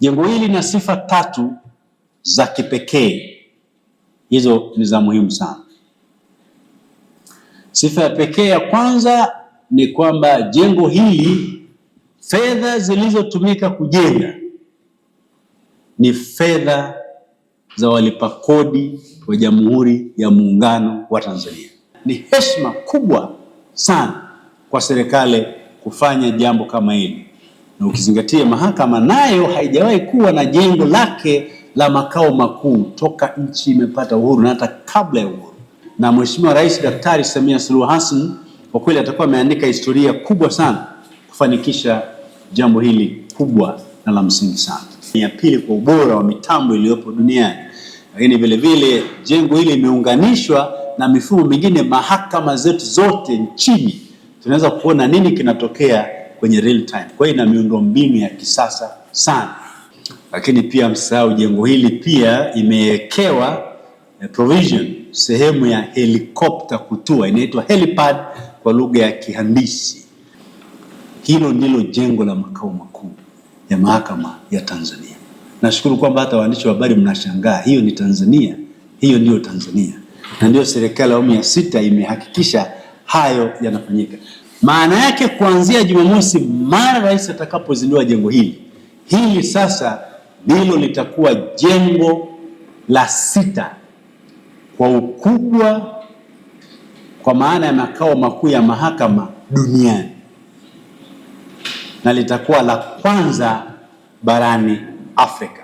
Jengo hili lina sifa tatu za kipekee, hizo ni za muhimu sana. Sifa ya pekee ya kwanza ni kwamba jengo hili, fedha zilizotumika kujenga ni fedha za walipa kodi wa Jamhuri ya Muungano wa Tanzania. Ni heshima kubwa sana kwa serikali kufanya jambo kama hili na ukizingatia mahakama nayo haijawahi kuwa na jengo lake la makao makuu toka nchi imepata uhuru na hata kabla ya uhuru. Na Mheshimiwa Rais Daktari Samia Suluhu Hassan kwa kweli atakuwa ameandika historia kubwa sana kufanikisha jambo hili kubwa na la msingi sana. Ni ya pili kwa ubora wa mitambo iliyopo duniani, lakini vile vile jengo hili limeunganishwa na mifumo mingine mahakama zetu zote nchini. Tunaweza kuona nini kinatokea kwenye real time. Kwa hiyo ina miundombinu ya kisasa sana, lakini pia msahau jengo hili pia imewekewa eh, provision sehemu ya helikopta kutua, inaitwa helipad kwa lugha ya kihandisi. Hilo ndilo jengo la makao makuu ya mahakama ya Tanzania. Nashukuru kwamba hata waandishi wa habari mnashangaa, hiyo ni Tanzania, hiyo ndiyo Tanzania, na ndiyo serikali ya awamu ya sita imehakikisha hayo yanafanyika. Maana yake kuanzia Jumamosi, mara rais atakapozindua jengo hili, hili sasa ndilo litakuwa jengo la sita kwa ukubwa, kwa maana ya makao makuu ya mahakama duniani na litakuwa la kwanza barani Afrika.